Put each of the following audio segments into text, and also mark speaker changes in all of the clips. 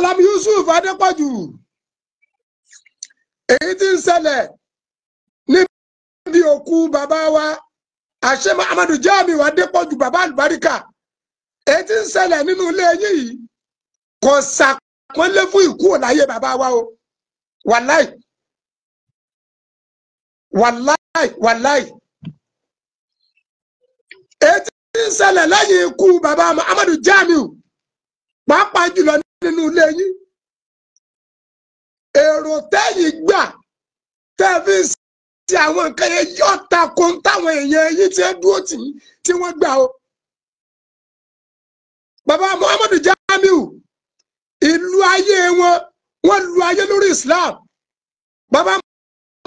Speaker 1: Malam Yusuf Adépọ̀jù èyí tí ń ṣẹlẹ̀ níbi òkú bàbá wa àṣẹ Muhammadu Jami wa Adépọ̀jù bàbá àlùbáríkà èyí tí ń ṣẹlẹ̀ nínú ilé yín yìí kò ṣàpọ́nlé fún ìkú òláyé bàbá wa o wàláì wàláì wàláì èyí tí ń ṣẹlẹ̀ lẹ́yìn ikú bàbá Muhammadu Jami pàápàá jùlọ nínú ilé yín èrò tẹ́yìn gbà tẹ́ fi ń ṣe àwọn nǹkan yẹn yọ tako táwọn èèyàn yín ti ń dúró tì í tí wọ́n gbà o. bàbá Muhammadu Jamiu ìlú ayé wọn wọ́n lu ayé lórí Islam bàbá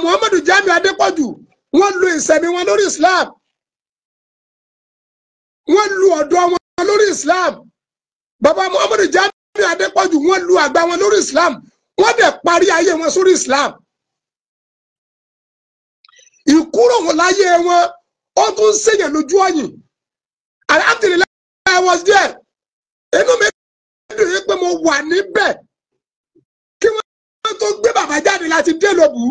Speaker 1: Muhammadu Jamiu Adépọ̀jù wọ́n lu ìsẹ̀mí wọn lórí Islam wọ́n lu ọ̀dọ́ wọn lórí Islam bàbá Muhammadu Jamiu ní Adépọ̀jù wọ́n lu àgbà wọn lórí Islam wọ́n dẹ̀ parí ayé wọn sórí Islam
Speaker 2: ìkúrò wọn láyé wọn ó tún ṣèyàn lójú ọyìn alhamdulilayi I was there inú mi dùn yín pé mo
Speaker 1: wà níbẹ̀ kí wọ́n tó gbé bàbá jáde láti dé lóbu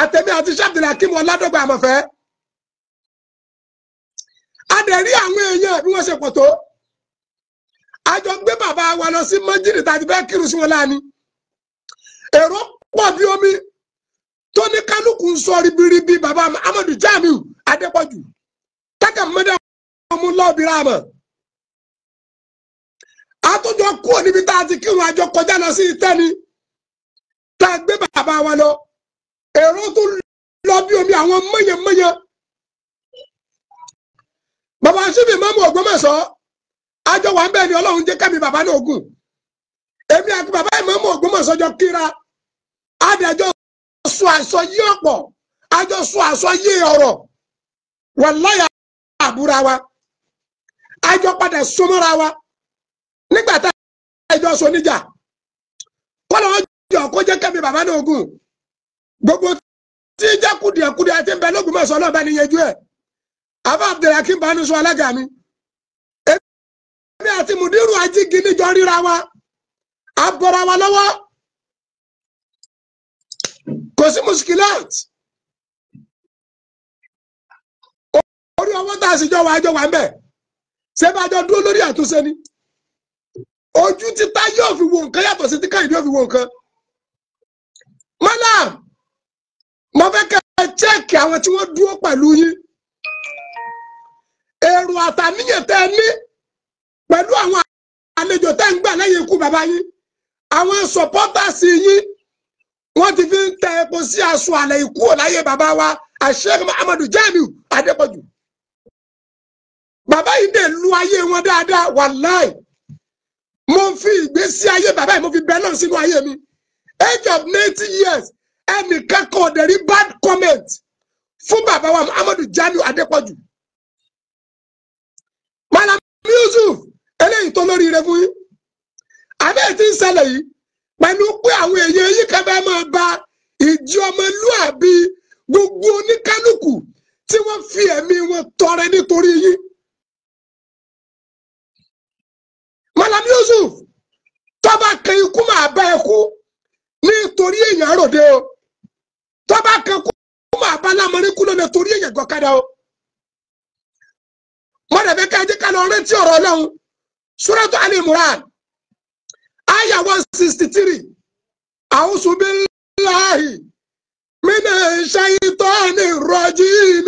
Speaker 1: àtẹ̀mí àti sábìlà kí wọ́n ládọ́gba àmọ̀fẹ́ a dẹ̀ rí àwọn èèyàn bí wọ́n ṣe pọ̀ tó a jọ gbé bàbá wa lọ sí mọ́jìlì tàbí bẹ́ẹ̀ kiri sí wọn láàánú èrò pọ̀ bí omi tó ní kálukú ń sọ ribiribi bàbá amadu jamiu adépọ̀jù tákà mọ́dà ọmú lọ́ọ̀bìrà mọ́ àtúnjọ kúrò níbi tá a ti kírun àjọ kọjá lọ sí ìtẹ́ni tá a gbé bàbá wa lọ èrò tó lọ bí omi àwọn mọ̀yẹ̀mọ̀yẹ̀ bàbá síbi mọ́mú Ògbómọ̀ṣọ́ àjọ wà ń bẹ̀ ni ọlọ́run jẹ́ kẹ́mi bàbá náà gùn èmi àti bàbá ìmọ̀ọ́mù ògbómọ̀sọ́jọ́ kíra àdàjọ́ sọ àṣọ yí ọ̀pọ̀ àjọ sọ àṣọ yí ọ̀rọ̀ wàláyà àbúra wa àjọ padà súnmọ́ra wa nígbà tá àjọ sọ níjà kọ́lọ́ wọn jọ kó jẹ́ kẹ́mi bàbá náà gùn gbogbo tí jẹ́ kùdìẹ̀kùdìẹ̀ ti ń bẹ lógun mọ̀sán náà bá ní yẹjú ẹ̀ àbá Abdulhakeem bá ní sọ alága mi. èmi àti mùdírù ajígi níjọ ríra wa
Speaker 2: a bọ̀ra wa lọ́wọ́ kò sí muskilat orí ọwọ́ tá
Speaker 1: a sì jọ jọ wà mbẹ ṣé bá jọ dúró lórí àtúnṣe ni ojú ti ta yóò fi wo nǹkan yàtọ̀ sí ti káyìí yóò fi wo nǹkan mọ́là mo fẹ́ kẹ́ ẹ chẹ́ẹ̀kì àwọn tí wọ́n dúró pẹ̀lú yín èrò àtàníyàn tẹ́ ẹ pẹ̀lú àwọn àlejò tẹ́ ń gbà lẹ́yìn ikú bàbá yín àwọn supporters yín wọ́n ti fi ń tẹ epo sí aṣọ àlẹ́ ikú ọ̀láyé bàbá wa àṣeyẹ Amadu Jamiu Adépọ̀jù bàbá yìí dé lu ayé wọn dáadáa wàláì mo fi ìgbésí ayé bàbá yìí mo fi bẹ́ẹ̀ náà sínú ayé mi age of ninety years ẹnìkan kan ọ̀dẹ̀rí bad comment fún bàbá wa Amadu Jamiu Adépọ̀jù Malam Yusuf eléyìí tó lóríire fún yín abẹ́ẹ̀ tí ń ṣẹlẹ̀ yìí pẹ̀lú pé àwọn èèyàn yìí kan máa ba ìjọ
Speaker 2: ọmọlúàbí gbogbo oníkálukú tí wọ́n fi ẹ̀mí wọn tọrẹ nítorí yín. Malam Yusuf tọ́ba kan ikú máa bá ẹ kú nítorí èèyàn ròde o
Speaker 1: tọ́ba kan kú máa bá lámọ́rí kú lónìí torí èèyàn gbọ́kadà o. Mọ̀dàbẹ́ká ẹjẹ́ ká lọ rántí ọ̀rọ̀ Ọlọ́run suratu ali imran aya one sixty three a'udhu billahi minash shaitani rajim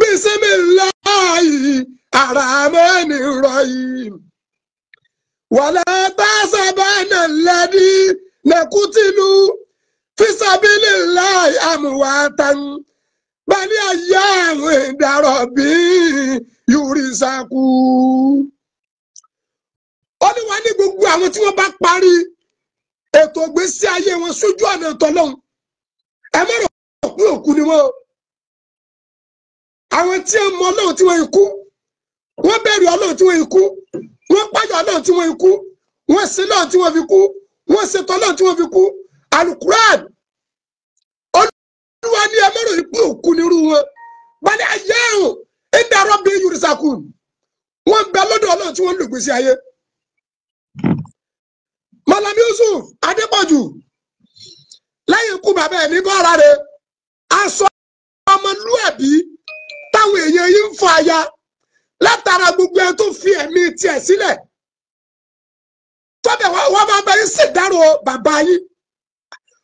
Speaker 1: bismillahi arrahmani rrahim wala tahsabanna alladhina qutilu fi sabilillahi amwatan bal ahya'un 'inda rabbihim yurzaqun olúwa ní gbogbo àwọn tí wọ́n bá parí ètò ìgbésí ayé wọn sójú ọ̀nà tọ́lọ́hún ẹ má rò pé òkú ni wọ́n o àwọn tí ẹ mọ ọlọ́run tí wọ́n ikú wọ́n bẹ̀rù ọlọ́run tí wọ́n ikú wọ́n pàjọ ọlọ́run tí wọ́n ikú wọ́n ṣe lọ́run tí wọ́n fi kú wọ́n ṣe tọ́lọ́run tí wọ́n fi kú alukuraan olúwa ní ẹ má rò pé òkú ni irú wọn balẹ̀ ayé ẹ̀hún ẹ̀dá rọ́bì yorùsàkùn wọ́n bẹ lọ́dọ̀ ọlọ́run tí wọ́n lògbèsè ayé. Malam Yusuf Adépọ̀jù lẹ́yìn ikú bàbá ẹ̀mí bọ́ ara rẹ̀ aṣọ ọmọlúàbí táwọn èèyàn yìí ń fọ aya látara gbogbo ẹ tó fi ẹ̀mí tiẹ̀ sílẹ̀ tọ́bẹ̀ wọ́n máa bá yín ṣèdárò bàbá yín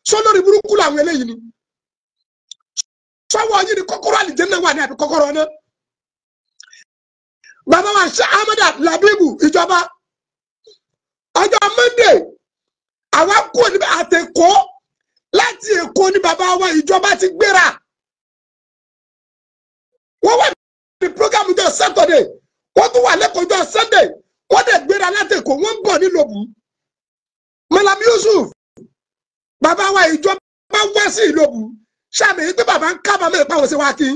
Speaker 1: sọlọ́ọ̀rì burúkú làwọn eléyìí ni sọ́wọ́ yìí ni kọ́kọ́rọ́ àlìjẹ́ náà wà ní àbí kọ́kọ́rọ́ náà bàbá wa ṣe Ahmed Labibu ìjọba
Speaker 2: ọjọ́ Monday àwa kò níbẹ̀ àtẹ̀kọ́ láti èkó ní bàbá wa ìjọba ti gbéra wọ́n wà
Speaker 1: ní program jọ Saturday wọ́n tún wà lẹ́kọ̀ọ́ jọ Sunday wọ́n dẹ̀ gbéra láti èkó wọ́n ń bọ̀ nílòbù Malam Yusuf bàbá wa ìjọba wá sí ìlòbù sàmì yìí pé bàbá ń kábàámọ̀ ìpàwọ̀ sí wa kí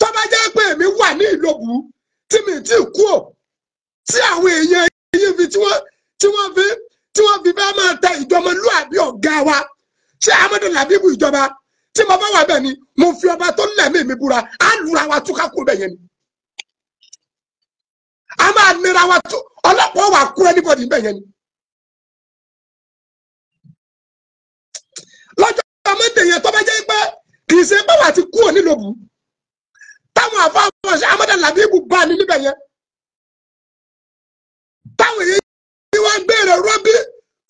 Speaker 1: tó bá jẹ́ pé èmi wà ní ìlòbù tí mi ti kú ò tí àwọn èèyàn yìí fi tí wọ́n fi tí wọn fi bẹ́ẹ̀ máa ta ìjọba lúàbí ọgá wa ṣé amadu labibu ìjọba tí mo bá wà bẹ́ẹ̀ ni mo fi ọba tó lẹ́mí mi búra á lura wa
Speaker 2: a máa nira wa tú wà kú anybody yẹn ni. lọ́jọ́ amadu yẹn bá jẹ́ pé kì í ṣe pé ti kú táwọn amadu labibu bá ní níbẹ̀ wá ń béèrè rọ́bí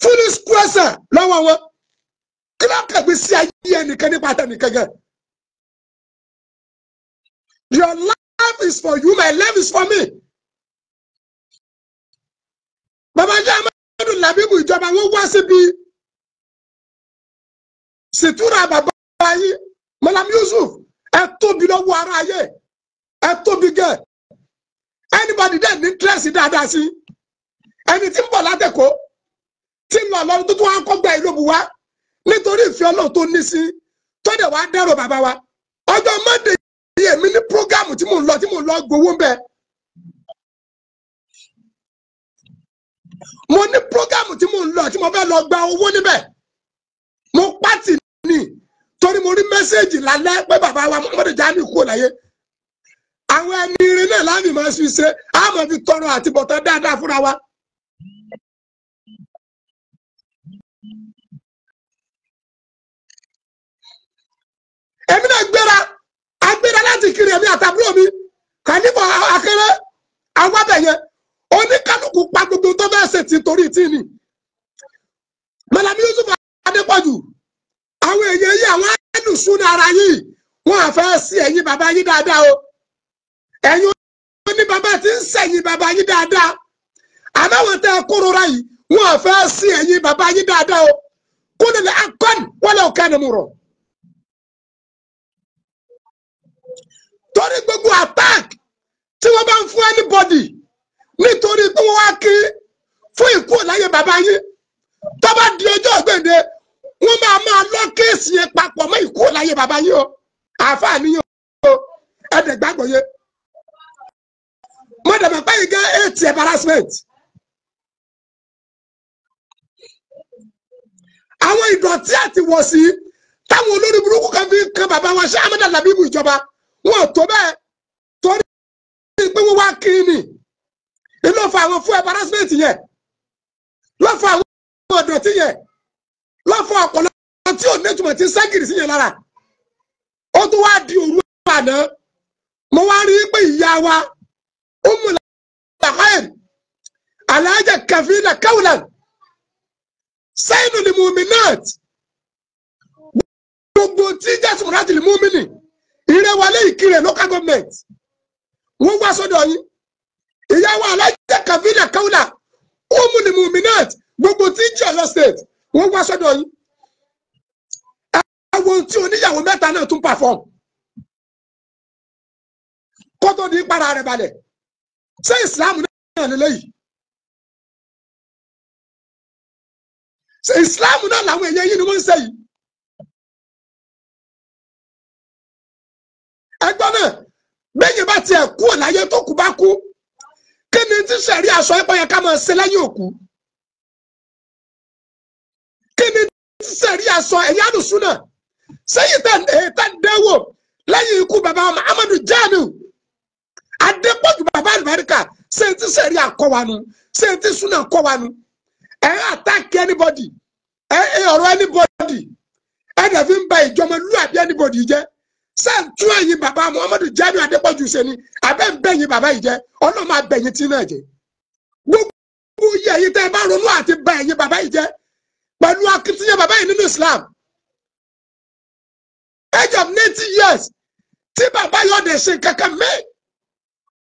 Speaker 2: foolish question lọ́wọ́ wọn kí ló sí ayé ẹnìkan nípa àtẹnìkan gan. Your life is for you, my life is for me. Bàbá jẹ́ Amadu Labibu ìjọba wọ́n wá síbi
Speaker 1: Situra, bàbá yìí Malam Yusuf ẹ tóbi lọ́wọ́ ara ayé ẹ tóbi gẹ̀ anybody dẹ̀ ní in dáadáa sí i. ẹni tí ń bọ̀ látẹ̀kọ́ tí ń lọ lọ́run tó tún wá ń kọ́gbà ìlóbu wa nítorí ìfẹ́ ọlọ́run tó ní sí tó dẹ̀ wá dẹ́rọ bàbá wa ọjọ́ mọ́ndé yìí èmi ní prógámù tí mò ń lọ tí mò ń lọ gbowó ń bẹ. mo ní prógámù tí mò ń lọ tí mo fẹ́ lọ gba owó níbẹ̀ mo pàtì ní torí mo rí mẹ́sẹ́ẹ̀jì lálẹ́ pé bàbá wa mọ́mọ́dé jáde kúrò láyé
Speaker 2: àwọn ẹni irin náà láàmì máa ṣiṣẹ́ àmọ́ fi tọrọ àtibọ̀tán dáadáa fúnra wa. èmi náà gbéra agbéra láti kiri èmi
Speaker 1: àtàbúrò mi kànífọ̀ akéré àwọn abẹ̀yẹ oníkálukú pa gbogbo tó fẹ́ ṣe ti torí tí ni malami yusuf adépọ̀jù àwọn èèyàn yìí àwọn ẹnùsùn ní ara yìí wọn àfẹ́ sí ẹ̀yin bàbá yín dáadáa o ẹ̀yin ó ní bàbá tí ń sẹ̀yìn bàbá yín dáadáa àbẹ̀wò tẹ kórora yìí wọn àfẹ́ sí ẹ̀yin bàbá yín dáadáa o kó lè lè akọ́ni wọlé ọ̀kẹ́ ni mo rọ̀.
Speaker 2: torí gbogbo attack tí wọ́n bá ń fún anybody nítorí pé wọ́n wá kiri
Speaker 1: fún ìkú láyé bàbá yín tó bá di ọjọ́ gbèdé wọ́n máa máa lọ kéèsì yẹn papọ̀ mọ́ ìkú láyé bàbá yín o àáfàá níyàn o ẹ̀dẹ̀
Speaker 2: gbàgbọ́ yẹ. mo dàgbà pé yìí gẹ́ eight embarrassment. àwọn ìdọ̀tí àti
Speaker 1: wọ̀sí táwọn olórí burúkú kan fi kan bàbá wa ṣé amadu alábíbù ìjọba wọn ò tó bẹ́ẹ̀
Speaker 2: torí pé wọ́n wá kiri ni ló fa àwọn fún embarrassment yẹn ló fa àwọn ọ̀dọ̀tí yẹn ló fa ọ̀pọ̀lọpọ̀ tí
Speaker 1: ò ní ìtumọ̀ tí ságìrì sí yẹn lára ó tún wá di òru àná mo wá rí pé ìyá wa Ummul Khair Alhaja Kafila Kaulan Sayyidul Mu'minat gbogbo tí jésù rádìlì mú ìrẹwàlẹ ìkirè local government wọn wá sọ́dọ̀ yín ìyàwó alájà kavina kaula umuni muminat gbogbo tí ń jẹ Ọ̀yọ́ state wọn wá sọ́dọ̀ yín
Speaker 2: àwọn tí oníyàwó mẹ́ta náà tún perform kótó di para rẹ̀ balẹ̀ ṣé ìsìlámù náà lélẹyìí. ìsìlámù náà làwọn èèyàn yìí ni wọ́n ń ṣe ẹgbọ́n náà bẹ́yìn bá tiẹ̀ kú láyé tó kú bá kú kí ni tí sẹ̀rí aṣọ ẹ̀pọ̀ yẹ ká máa ṣe lẹ́yìn òkú kí ni tí sẹ̀rí aṣọ ẹ̀yà àdùsùn náà sẹ́yìn tá ń dẹ́wò lẹ́yìn ikú bàbá ọmọ amadu jamiu
Speaker 1: adépọ̀jù bàbá àlùbáríkà sẹ́yìn tí sẹ̀rí àkọ́wánu sẹ́yìn tí súnà kọ́wánu ẹ̀ attack anybody ẹ̀ ọ̀rọ̀ anybody ẹ̀ dàbí ń ba ìjọmọlúwàbí anybody jẹ́ sẹ́ǹtú ẹ̀yin bàbá muhammadu jamiu adépọ̀jù sẹ́ni abẹ́ ń bẹ̀yìn bàbá yìí jẹ́ ọlọ́mọ abẹ́yìn tí náà jẹ́ gbogbo iye yìí tẹ́ ẹ bá ronú àti bá ẹ̀yin bàbá yìí jẹ́ pẹ̀lú akitiyan bàbá yìí nínú islam
Speaker 2: age of ninety years tí bàbá yóò dé ṣe kankan mí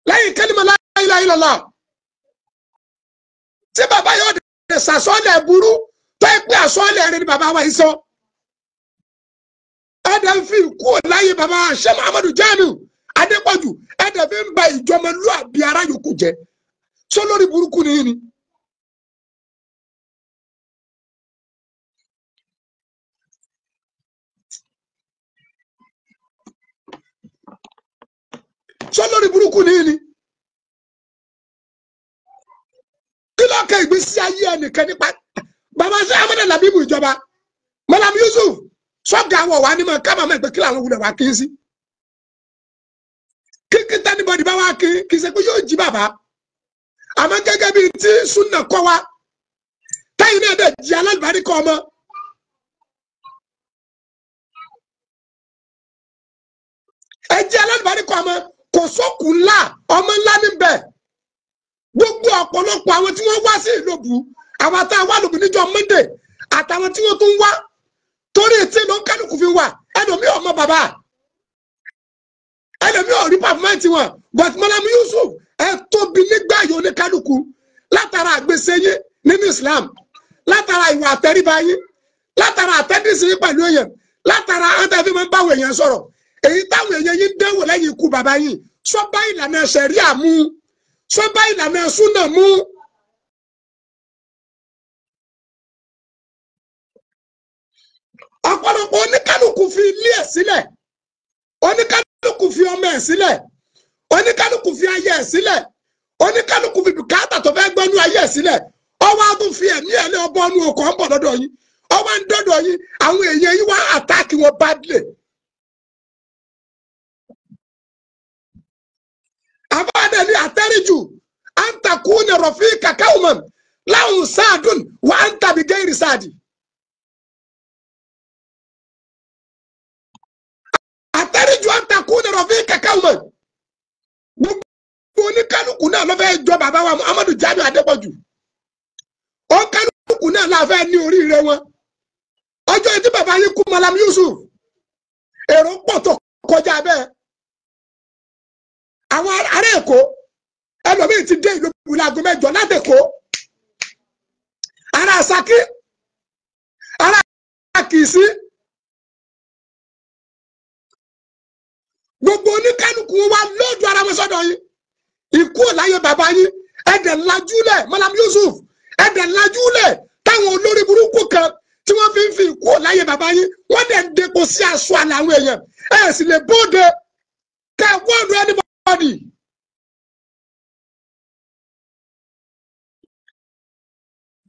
Speaker 2: lẹ́yìn kẹ́límọ̀ láyé lọ́la
Speaker 1: tí bàbá yóò dé ṣàsọ́ọ̀lẹ̀ burú tó ẹ pé àsọ́ọ̀lẹ̀ rẹ ni bàbá wa yìí sọ. So. ẹ̀dẹ̀fín kúrò láyé bàbá sẹ́mu amadu jamiu adépọ̀jù
Speaker 2: ẹ̀dẹ̀fín ba ìjọmọlú àbí ara yòókù jẹ́ burúkú ni. sọlọ́ọ̀rì burúkú nìyí ni. kí ló
Speaker 1: kẹ́ ìgbésí ayé ẹnìkan nípa bàbá sẹ́mu amadu Labibu ìjọba malam yusuf. sọ́gà àwọn ọ̀wá nímọ̀ ká màmá ìpè kí làwọn wulẹ̀ wá kí n sí kí kí tẹ́nibọ́dì bá wá kí kì í ṣe pé yóò jí bàbá àmọ́ gẹ́gẹ́ bíi tí súnà
Speaker 2: kọ́ wa táyì náà dẹ̀ jí alábàárí kọ́ ọmọ. ẹ jí alábàárí kọ́ ọmọ kò sókùn ńlá ọmọ ńlá níbẹ̀ gbogbo ọ̀pọ̀lọpọ̀ àwọn tí wọ́n wá
Speaker 1: sí ìlòbù àwọn àtàwọn àlòbù níjọ Monday àtàwọn tí wọ́n tún wá torí tí ló ń kálukú fi wà ẹlòmíì ọmọ bàbá ẹlòmíì ọ̀rí pàfọ́mẹ́ǹtì wọn but Mọ́lámù Yusuf ẹ tóbi nígbà yìí oníkálukú látara àgbèsè yín nínú Islam látara ìwà àtẹríba yín látara àtẹ́dísì yín pẹ̀lú èèyàn látara ẹ̀ńtẹ́fí máa ń báwọn èèyàn sọ̀rọ̀ èyí táwọn èèyàn yín dẹ́wò lẹ́yìn ikú bàbá yín
Speaker 2: sọ́bà ìlànà ṣẹ̀ríà mú sọ́bà ìlànà súnà mú. ọ̀pọ̀lọpọ̀ oníkálukú fi ilé ẹ̀ sílẹ̀ oníkálukú fi ọmọ ẹ̀ sílẹ̀
Speaker 1: oníkálukú fi ayé ẹ̀ sílẹ̀ oníkálukú fi bùkátà tó fẹ́ gbọ́nú ayé ẹ̀ sílẹ̀
Speaker 2: ọwọ́ adùn fi ẹ̀mí ẹ̀ lé ọbọ̀ ọ̀nù ọkọ̀ ń bọ̀ lọ́dọ̀ yín ọwọ́ ń dọ́dọ̀ yín àwọn èèyàn yín wá àtáàkì wọn badly. àbáàdà ni àtẹ́rìjù àǹtakùn ní rọ̀fíì kàkàwọ̀mọ̀ láwùn sáàdùn wà á ń tàbí gẹ́rì sáàdì. kúndẹ̀rọ̀ fi kẹ̀kẹ́ wọn gbogbo oníkálukú náà ló fẹ́ jọ bàbá wa Amadu Jamiu
Speaker 1: O oníkálukú náà la ní oríire wọn ọjọ́ etí bàbá yìí kú Malam Yusuf èrò pọtọ kọjá bẹẹ. àwọn ará Èkó ẹlòmíì ti dé ìlú láti Èkó
Speaker 2: ará ará gbogbo oníkálukú wa lóòdù ara wọn sọ́dọ̀ yín ikú ọ̀láyé bàbá yín ẹ̀dẹ̀ Malam Yusuf
Speaker 1: ẹ̀dẹ̀ lajúlẹ̀ táwọn olórí burúkú kan tí wọ́n fi ń fi ikú ọ̀láyé bàbá
Speaker 2: dẹ̀ ń sí aṣọ èèyàn ẹ̀ sì lè bóde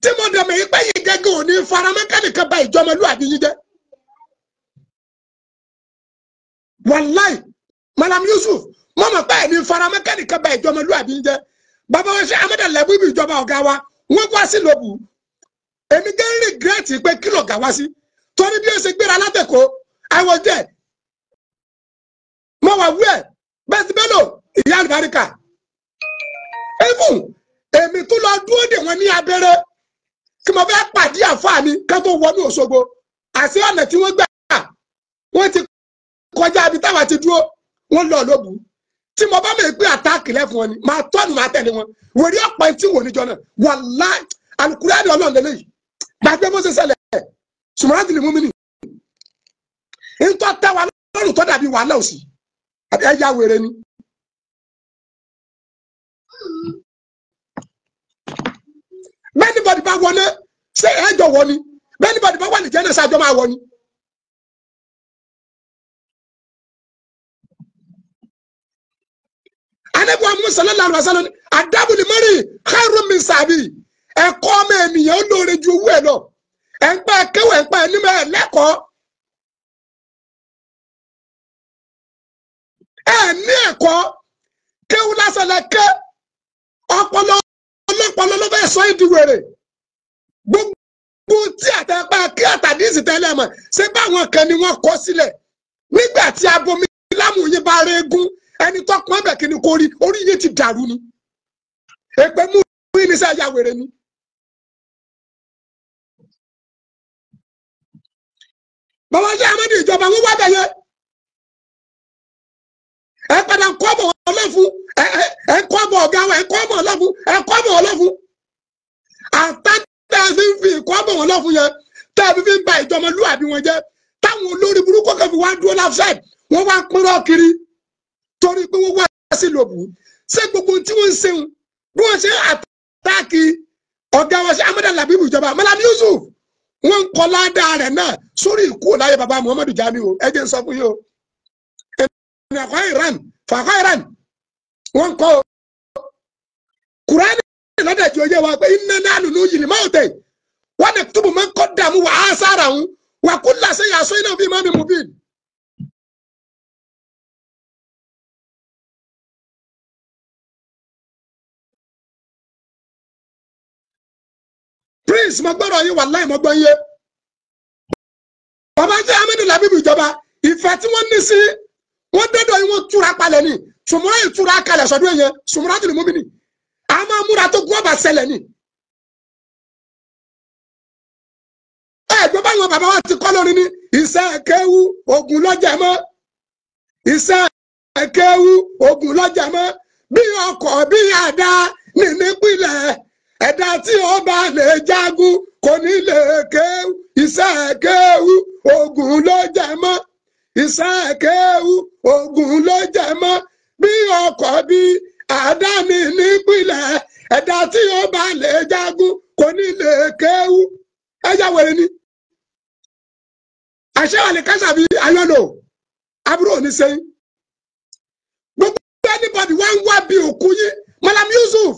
Speaker 2: tí mo dẹ̀ mọ̀ pé gẹ́gẹ́ òní bá jẹ́ wàláì malam yusuf mama
Speaker 1: pa fara faramẹ́kẹ́ni kẹba ìjọba lúàbí ń jẹ́ bàbá wa ṣe amẹ́dà lẹ́bù ibi ìjọba ọ̀gá wa wọ́n wá sí lóbu èmi gẹ́ ń rìgírẹ́tì pé kí lọ̀gá wá sí torí bí ó ṣe gbéra látẹ̀kọ́ àwọ̀ jẹ́ mọ́ wà wú ẹ̀ bẹ́ẹ̀ ti bẹ́ẹ̀ lò ìyá àlùbáríkà ẹ̀fù èmi tún lọ dúró dè wọ́n ní abẹ́rẹ́ kí mo fẹ́ pàdé àfáà ká tó wọnú Òṣogbo àti ọ̀nà tí wọ́n gbà wọ́n ti kọjá ibi ti dúró wọ́n lọ lóbu tí mo bá mọ̀ pé àtáàkì lẹ́fún wọn ni máa tọ́nu máa tẹ̀lé wọn wòrí ọ̀pọ̀ tí wò níjọ náà wàlá alukuraani ọlọ́run lélẹ̀ yìí gbàgbé mo ṣe ṣẹlẹ̀ sùmọ́ràn tìlì mú mi nì
Speaker 2: ntọ́ tẹ́ wa lọ́rùn tó dàbí wàhálà òsì àbí ẹ̀yà wèrè ni. bẹ́ẹ̀ ni bọ̀dì bá wọlé ṣé ẹ̀jọ̀ wọ ni bẹ́ẹ̀ ni bọ̀dì bá wà ní jẹ́nẹ̀ṣà àjọ máa wọ ni. anabi wa musa sallallahu alaihi wasallam adabuli mari khairu min sàbí ẹ̀kọ́ ọmọ ènìyàn ó lóore ju owó ẹ̀ lọ ẹ̀ ń pa kéwò ẹ̀ ń pa ẹni mẹ́ẹ̀ lẹ́kọ̀ọ́ ẹ̀ ní ẹ̀kọ́ kéwù lásán lẹ ké ọpọlọ ọlọpọlọ ló fẹ́ sọ ìdí
Speaker 1: wèrè gbogbo tí àtẹ̀pá kí àtàdísì tẹ́lẹ̀ mọ̀ ṣé báwọn kan ni wọ́n kọ́ sílẹ̀ nígbà tí abomi lámùyín bá rẹ́gún ẹni tó kún
Speaker 2: ẹ̀bẹ̀ kí ni kò rí orí yìí ti dàrú ni èpè mú yín ní sẹ ya wèrè ni. bàbá jẹ́ amadu ìjọba wọn wá bẹ̀ yẹn ẹ padà ń kọ́ bọ̀ ọlọ́fun ẹ ń kọ́ bọ̀ ọ̀gá wọn ẹ ń kọ́ bọ̀ ọlọ́fun ẹ ń kọ́ bọ̀ ọlọ́fun
Speaker 1: àtàtà fi ń fi ìkọ́ bọ̀ ọlọ́fun yẹn tẹ́ ẹ fi fi ń ba ìjọmọlúwàbí wọn jẹ́ táwọn olórí burúkú kan fi wá dúró láfẹ́ wọ́n wá pínrọ́ kiri torí pé wọ́n wá sí lòbù ṣé gbogbo tí wọ́n ń ṣeun bí wọ́n ṣe àtàkì ọ̀gá wọn ṣe amadu labibu ìjọba malam yusuf wọ́n ń kọ́ ládàá rẹ̀ náà sórí ìkú láyé baba muhammadu jamiu ẹ jẹ́ n sọ fún yìí o ẹnì àkọ́ iran fàkọ́ iran wọ́n kọ́ o kùránì lọ́dàjì oyé wa pé iná náà
Speaker 2: lùlù yìí ni máa tẹ̀ wọ́n ní túbù máa ń kọ́ dààmú wà á sára òun wà kúlà sí yàtọ̀ iná bíi mọ́mí mubin. prince mo gbọ́dọ̀ yín wàláì mo gbọ́ yé bàbá jẹ́
Speaker 1: amínú làbíbi ìjọba ìfẹ́ tí wọ́n ní sí wọ́n dẹ́dọ̀ yín wọ́n túra palẹ̀ ni sùmùrà
Speaker 2: ìtura kalẹ̀ sọ́dún yẹn sùmùrà tó lè mú mi ni a máa múra tó gún ọba ṣẹlẹ̀ ni. ẹ gbọ́ báwọn bàbá wa ti kọ́ lórí ni ìṣe kéwu oògùn lọ́jà mọ́ ìṣe kéwu oògùn
Speaker 1: lọ́jà mọ́ bí ọkọ̀ bí àdá nínú ìpínlẹ̀ ẹ̀dá tí ọba lè jagun kò ní lè kéwú iṣẹ́ kéwú ogun ló jẹ mọ́ iṣẹ́ ogun ló jẹ mọ́ bí ọkọ̀ bí àdáni nípìnlẹ̀ ẹ̀dá tí ọba lè jagun kò ní lè ẹ̀yà wẹ̀rẹ̀ ni. àṣẹ àlè kásábí ayọ́lò abúrò ní sẹ́yìn gbogbo anybody wá ń wá bí òkú yín Malam Yusuf.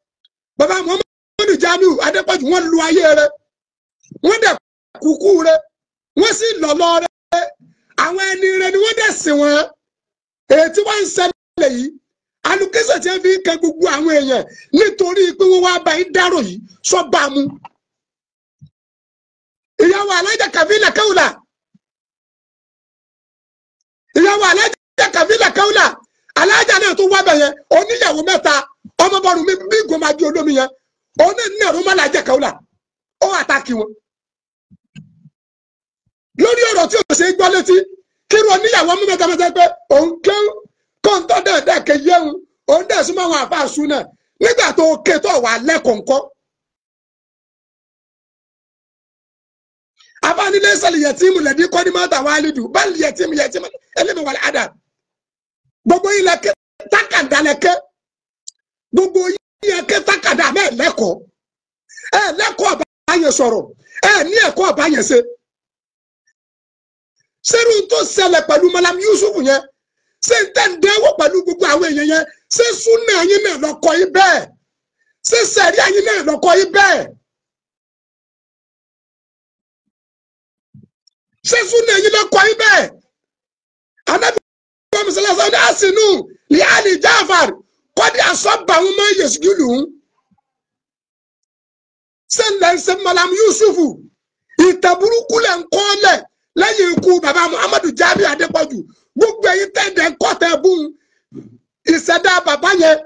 Speaker 1: bàbá Muhammadu Jamiu Adépọ̀jù wọ́n lu ayé rẹ̀ wọ́n dẹ̀ kúkú rẹ̀ wọ́n sì lọ́lọ́ rẹ̀ àwọn ẹni rẹ̀ ni wọ́n dẹ̀ sìn wọ́n èyí tí wọ́n ń ṣẹlẹ̀ yìí alukẹ́sẹ̀ tí wọ́n fi ń kẹ gbogbo àwọn èèyàn nítorí pé wọ́n wá bá yín dárò yìí sọ́ba mu
Speaker 2: ìyàwó alájà kàfílà káwùlà ìyàwó alájà kàfílà káwùlà. alájà náà tó wábẹ̀ yẹn
Speaker 1: oníyàwó mẹ́ta ọmọbọrùn mi bí gomadi olómi yẹn òun náà nínú ẹ̀rọ mọ́lá jẹ́kẹ̀ọ́ ya ó àtàkì wọn. lórí ọrọ tí òṣè gbọ́ létí kíru oníyàwó mú mẹ́ta mẹ́ta pé òun kéwù kóńtọ́ dẹ̀ẹ́dẹ́
Speaker 2: òun àwọn náà nígbà tó ké tó wà yẹtí mu kọ́ni bá yẹtí mu yẹtí mu ẹlẹ́mi wà gbogbo yín lẹ́kẹ́ tákàdá
Speaker 1: lẹ́kẹ́ gbogbo yín lẹ́kẹ́ tákàdá bẹ́ẹ̀ lẹ́kọ̀ọ́ ẹ lẹ́kọ̀ọ́ ọ̀bá yẹn sọ̀rọ̀ ẹ ní ẹ̀kọ́ ọ̀bá yẹn ṣe. sẹ́rù tó ṣẹlẹ̀ pẹ̀lú Malam Yusuf yẹn ṣé n tẹ́ ń dẹ́wọ́ pẹ̀lú gbogbo àwọn èèyàn yẹn ṣé
Speaker 2: súnà yín náà lọ́kọ̀ yín bẹ́ẹ̀ ṣé sẹ̀rí yín náà lọ́kọ̀ yín bẹ́ẹ̀. ṣé súnà yín lọ́kọ̀ yín bẹ́ẹ̀ sọlọ́sọ ní àsìnú liali Jafar kọ́dí àsọ́bà wọn máa yẹ sùgbù lù ún. sẹ́ńdẹ̀
Speaker 1: ṣe Malam Yusufu ìtàbùrúkú lẹ̀ ń kọ́ lẹ̀ lẹ́yìn ikú bàbá Muhammadu Jami Adépọ̀jù gbogbo ẹ̀yin tẹ̀dẹ̀ kọ́tẹ̀ bùn ìṣẹ̀dá bàbá
Speaker 2: yẹn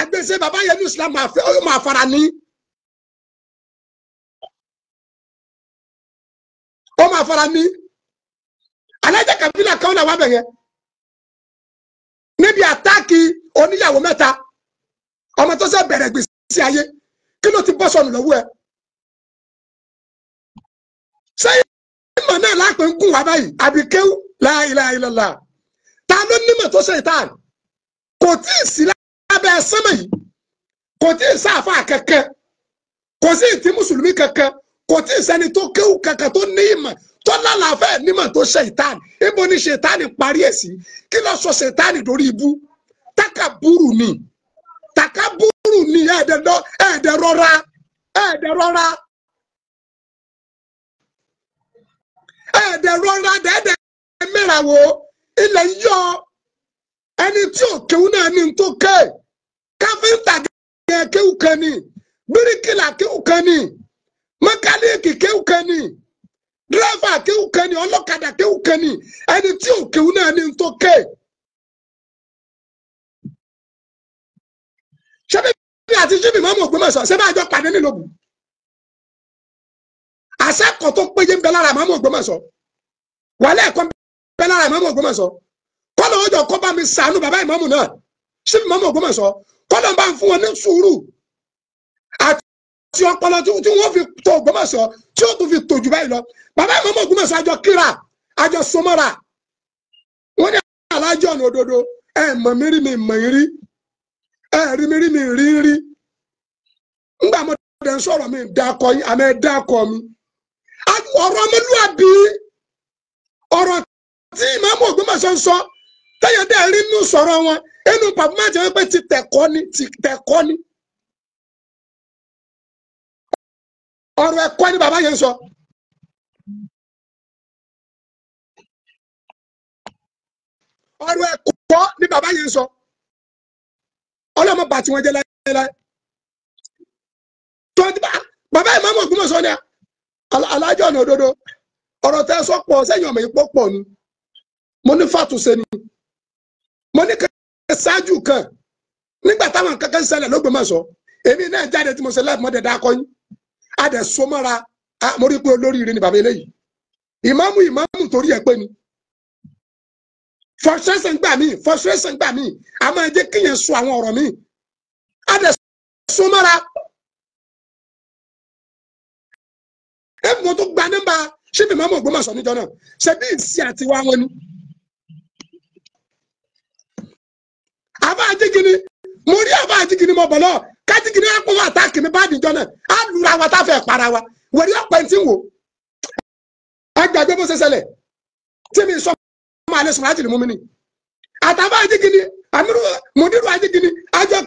Speaker 2: àgbèsè bàbá yẹn ní Islam máa fara ní. ó máa fara ní. alájà kàbílà kan náà wà bẹ̀yẹn níbi àtáàkì oníyàwó mẹ́ta ọmọ tó ṣe bẹ̀rẹ̀ gbèsè ayé kí ló ti bọ́ sọnù lọ́wọ́ ẹ. ṣé ìmọ̀ náà lápẹ̀ ń gùn wá báyìí àbíkéw láìláìlọ́lá ta ló nímọ̀ tó ṣe ìtàn kò
Speaker 1: tí ì sí lábẹ́ sánmọ̀ yìí kò tí ì sáfà kankan kò sí ìtí mùsùlùmí kankan kò tí ì sẹ́ni tó kéwù kankan tó ní ìmọ̀ tọ́lá làáfẹ́ nímọ̀ tó ṣètàn ibo ni ṣètàn parí ẹ̀ sí kí ló sọ ṣètàn dórí ibú takaburu
Speaker 2: ni takaburu ni ẹ̀ẹ́dẹ̀ rọra ẹ̀ẹ́dẹ̀ rọra ẹ̀ẹ́dẹ̀ rọra dẹ́ẹ̀dẹ̀ mẹ́ra wo ilẹ̀ yọ ẹni tí ò kéwú náà ní
Speaker 1: tó ké káfíńtà kéwú kan ní bíríkìlà kéwú kan ní mẹkáníìkì kéwú kan ní dírẹ́fà kéwù kan ni ọlọ́kadà kéwù
Speaker 2: kan ni ẹni tí ò kéwù náà ní tó ké. ṣebí bí àti jíbi máa mọ̀ pé mọ̀ sọ ṣebí àjọ pàdé nílòbù àṣàkọ tó péye ń bẹ lára àmọ́ Ògbómọ̀ṣọ́
Speaker 1: wàlẹ́ ẹ̀kọ́ ń bẹ lára àmọ́ Ògbómọ̀ṣọ́ kọ́lọ̀ ọjọ́ kọ́ bá mi sànú bàbá ìmọ̀mù náà ṣebí mọ̀mù Ògbómọ̀ṣọ́ kọ́lọ̀ bá ń fún wọn ní sùúrù tí ọpọlọ tí wọ́n fi tó Ògbómọ̀ṣọ́ tí ó tún fi tò jù báyìí bàbá ìmọ̀ ọmọ ajọ àjọ kíra àjọ wọ́n ní alájọ ọ̀nà òdodo ẹ mọ̀ mí rí mi mọ̀ rí ẹ rí mi rí mi rí mi dákọ̀ yín tí sọ tẹ́yẹ̀dẹ́ rí sọ̀rọ̀ wọn inú pàpọ̀ máa
Speaker 2: jẹ́ pé ti tẹ̀kọ́ ni ti ni. Ọrụ ẹ̀kọ́ ni bàbá yẹn sọ. ọrụ ẹ̀kọ́ ni bàbá yẹn sọ. ọlọ́mọ bàtí wọn jẹ́ láyéláyé. tó ti
Speaker 1: bàbá ni alájọ́ ọ̀nà òdodo ọ̀rọ̀ tẹ́ sọ pọ̀ sẹ́yìn ọmọ yìí pọ̀ ni mo ní mo ní kẹ́kẹ́ ṣáájú kan nígbà táwọn a dẹ̀ so mọ́ra mo rí pé olóríire ni bàbá eléyìí ìmáàmù ìmáàmù torí ẹ̀ pé
Speaker 2: ni frustration gbà mí frustration gbà mí a máa jẹ́ kíyàn sọ àwọn ọ̀rọ̀ mi a dẹ̀ so mọ́ra ẹ tó gba nọ́mbà ṣé ìmáàmù Ògbómọ̀ṣọ́ níjọ náà ṣe bí ìsí àti wá wọn ni. àbá
Speaker 1: àjíkìní mo rí àbá àjíkìní mo bọ̀ náà kátìkì ẹ̀kọ́ wà táàkì ní báàdì ìjọ náà á lura wa táfẹ́ para wa wẹ̀rí ọ̀pẹ tí ń wò ẹgbàgbé bó ṣe ṣẹlẹ̀ tí mi sọ ọmọ alẹ́ sọ̀rọ̀ láti lè mú mi ni àtàwọn àjíkì ni àmírù mùdírù àjíkì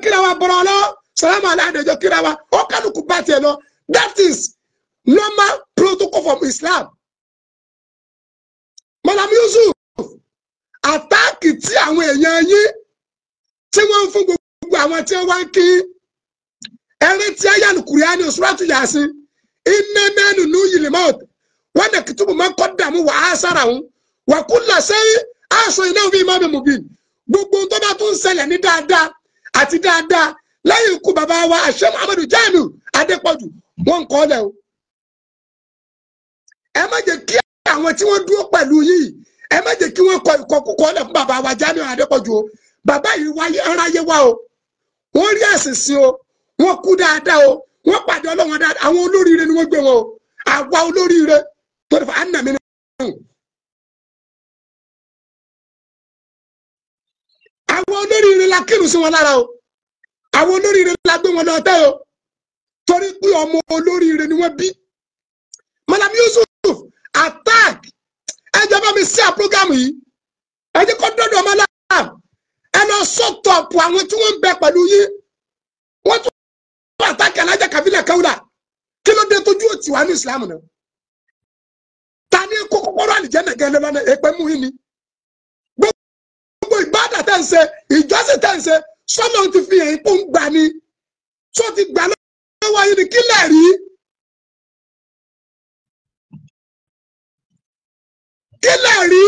Speaker 1: kíra wa bọ̀rọ̀ lọ sàlámù aláàdé àjọ kíra wa ó kálukú bá tiẹ̀ lọ that
Speaker 2: is normal protocol from Islam Malam Yusuf àtáàkì tí àwọn èèyàn yín tí wọ́n
Speaker 1: ń fún gbogbo àwọn tí wọ́n wá kí ẹ̀rí tí ayé alukuriani osuratu yasin iná nánu nu yilimot wọn nà kìtùbù máa kọ́ dààmú wà asara sára wọn wà kú làṣẹ aṣọ iná òbí má mi mú bí gbogbo tó bá tún ṣẹlẹ̀ ní dáadáa àti dáadáa ikú bàbá wa àṣẹ muhammadu jamiu adépọ̀jù wọn kọ́ lẹ̀ o. ẹ má jẹ́ kí àwọn tí wọ́n dúró pẹ̀lú yìí ẹ má jẹ́ kí wọ́n kọ ìkọkúkọ lẹ̀ fún bàbá wa jamiu adépọ̀jù o bàbá yìí wáyé aráyé wá o wọ́n rí àṣìṣe o wọ́n kú dáadáa o wọ́n pàdé ọlọ́wọ́n dáadáa àwọn
Speaker 2: olóríire ni wọ́n gbé wọn o àwa olóríire tó dẹ̀ fà á nà mí nínú. àwọn olóríire la kírun sí wọn lára o àwọn olóríire la gbé wọn lọ tẹ́ o torí pé ọmọ olóríire
Speaker 1: ni wọ́n bí. Malam Yusuf attack ẹ jẹ́ bá mi sí à program yìí ẹ jẹ́ kó dọ́dọ̀ Malam ẹ lọ sọ́tọ̀ ọ̀pọ̀ àwọn tí wọ́n ń bẹ pẹ̀lú yín wà tá kàlájà kàbílà káwùlà kí ló dé tójú òtí wa ní ìsìlámù náà ta ní kó kọ́kọ́rọ́ àlìjẹ́ nàgẹ́ lọ́la náà èpè mú yín ni gbogbo ìbádà tẹ̀ ń ṣe ìjọsìn tẹ̀ ń ṣe
Speaker 2: sọ́nà ti fi hàn kó ń gbà ni tó ti gbà lọ́wọ́ yín ni kí lẹ̀ rí. kí lẹ̀ rí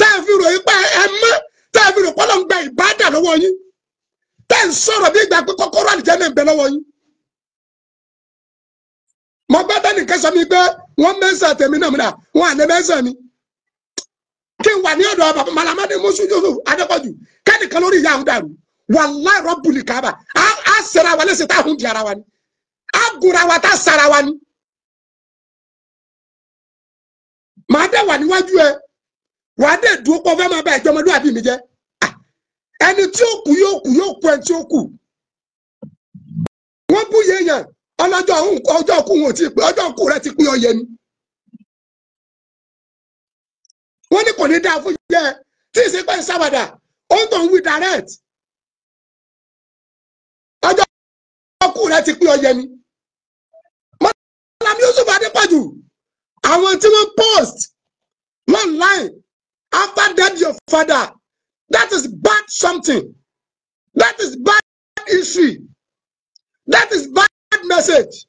Speaker 2: tẹ́ ẹ fi ròyìn pa ẹ mọ́ tẹ́ ẹ fi rò pọ́lọ́ ń gba lọ́wọ́ yín.
Speaker 1: tẹ́ ń sọ̀rọ̀ bí ìgbà pé kọ́kọ́rọ́ àdìjẹ́ ní ìbẹ̀ lọ́wọ́ yín. mo gbọ́ dání kẹsàn-án mi pé wọ́n mẹ́sàn-án náà mi náà wọ́n àná mẹ́sàn mi kí n wà ní ọ̀dọ̀ bàbá malamadi musu yusuf adépọ̀jù kẹ́nìkan lórí ìyá àwọn dàrú
Speaker 2: wàláì rọ́bùlì kábà á sẹ́ra wa lẹ́sẹ̀ tá a hun di ara wa ni á gunra wa tá a sara wa ni. màá dé wà níwájú ẹ dé máa bá mi jẹ́ ẹni tí ó kú yóò kú yóò kú ẹni tí ó kú wọ́n bú yéèyàn ọlọ́jọ́ ọjọ́ kú wọn ti pé ọjọ́ kú rẹ ti pé ọyẹ ni wọ́n ní kò ní dáa fún yẹ tí ìsìnkú ẹ̀ sábàdà ó ń tàn wí direct ọjọ́ kú rẹ ti pé ọyẹ ni mọ́lá Yusuf Adépọ̀jù àwọn tí wọ́n post online
Speaker 1: after death your father. That is bad something. That is bad Issue. That is bad message.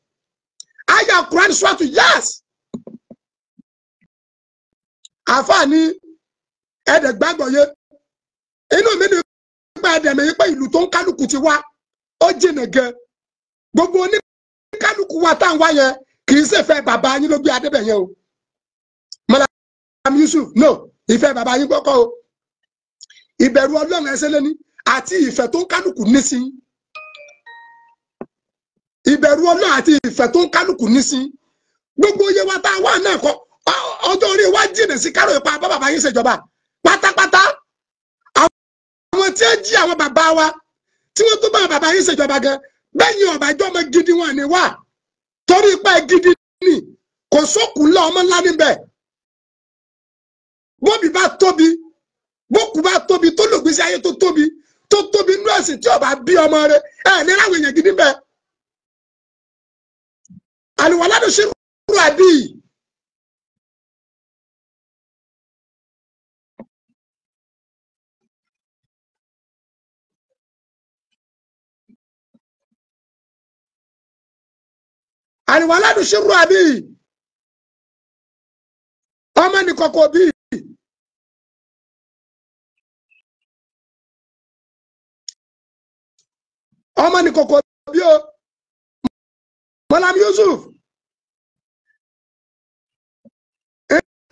Speaker 1: I am crying swear to yes. Àfààní ẹ̀dẹ̀ gbàgbọ́ yé. Inú mi ni nípa ẹ̀dẹ̀ mi pé ìlú tó ń kálukú ti wá. Ó jìnà gan. Gbogbo oníkálukú wa tá à ń wá yẹn kì Baba. ṣèfẹ́ bàbá yín ló gbé adébẹ̀ o. Mọ̀lá Yusuf no ìfẹ́ Baba. yín kọ́kọ́ o ìbẹ̀rù ọlọ́run ẹsẹ̀ lẹ́ni àti ìfẹ́ tó ń kálukú nísìn ìbẹ̀rù ọlọ́run àti ìfẹ́ tó ń kálukú nísìn gbogbo iye wa tá a wà náà kọ ọjọ́ orí wa jìnnà sí kárò ipa bá bàbá yín ṣèjọba pátápátá àwọn tí ó jí àwọn bàbá wa tí wọ́n tó bá bàbá yín ṣèjọba gan bẹ́yìn ọ̀bàjọ́ ọmọ gidi wọn ni wà torí ipa gidi ni kò sókùn lọ ọmọ ńlá níbẹ̀ bóbi bá tóbi bókù bá tóbi tó lògbèsè ayé tó tóbi tó tóbi nínú ẹ̀sìn
Speaker 2: tí ọba bí ọmọ rẹ ẹ ní láwọn èèyàn gidi bẹ́ẹ̀. àlùwàlá ló ṣe rú àbí. àlùwàlá ló ṣe rú àbí. ọmọ nìkan kò bí. ọmọ ní kòkó bí o Malam Yusuf